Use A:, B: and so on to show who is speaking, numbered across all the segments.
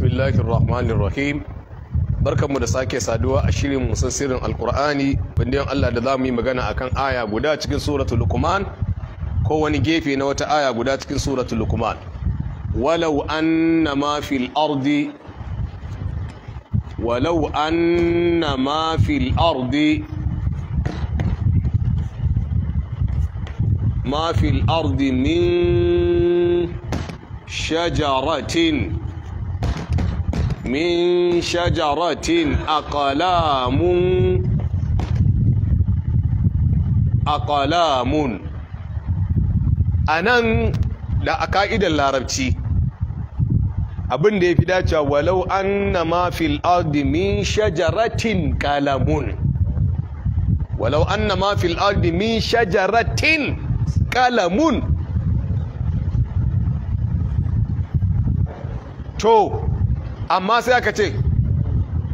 A: bismillahirrahmanirrahim barkanmu da sake saduwa a shirin musan sirrin alkur'ani bindiyan Allah da za mu yi magana a kan aya guda cikin suratu lukuman. ko wani gefe na wata aya guda cikin suratu lukuman. walau an na fil ardi walau an na fil ardi ma fil ardi min shajaratin min shajaratin aqlamun aqlamun anan da a ka'idar larabci abin da ya fi dacewa walau an na mafil ardi min shajaratin kalamun walau an na mafil ardi min shajaratin kalamun to amma sai aka ce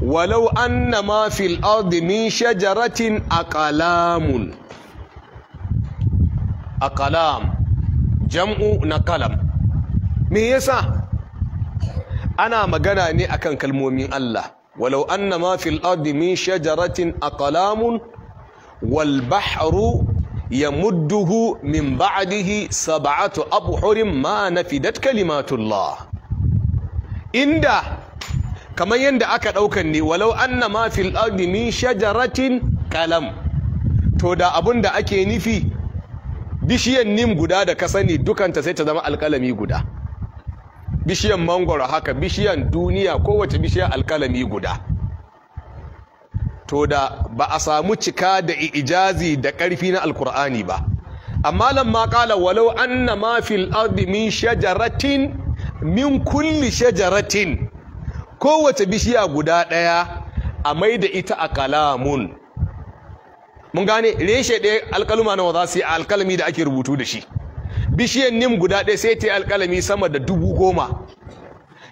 A: walau anna ma fil ardi min shajaratin aqlamun aqlam jam'u na kalam me yasa ana magana ne akan kalmomin Allah walau anna ma fil ardi min shajaratin aqlamun wal bahru yamudduhu min ba'dihi sab'atu abhurin ma nafidat kalimatullah inda kamar yadda aka ɗaukan ne walau an na mafi shajaratin kalam to da abun da ake nufi bishiyan nim guda da ka sani dukanta sai ta zama alkalami guda bishiyan mangoro haka bishiyan duniya kowace bishiyan alkalami guda to da ba a samu cika da ijazi da ƙarfi na alkur'ani ba amma lamma ƙala walau an ma mafi ardi min shajaratin min kulli shajaratin kowace bishiya guda ɗaya a mai da ita a kalamun mun gane reshe ɗaya alkaluma na waza su yi alkalami da ake rubutu da shi bishiyan nim guda ɗaya sai ta yi alkalami sama da dubu goma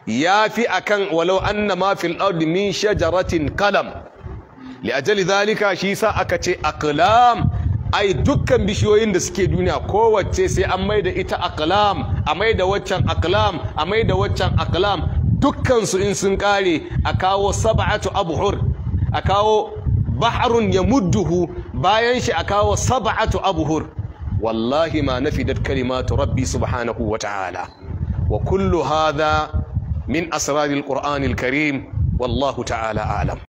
A: ya fi a kan walau an na mafin ɗaudi min shajaratin kalam li ajali zalika shi sa aka ce aqlam ai dukkan bishiyoyin da suke duniya kowace sai an mai da ita aqlam a mai da waccan aqlam a mai da waccan aqlam dukkansu in sun kare a kawo sab'atu abhur a kawo bahrun ya mudduhu bayan shi a kawo sab'atu abhur wallahi ma nafidat kalimatu rabbi subhanahu wa ta'ala wa kullu hadha min asraril qur'anil karim wallahu ta'ala a'lam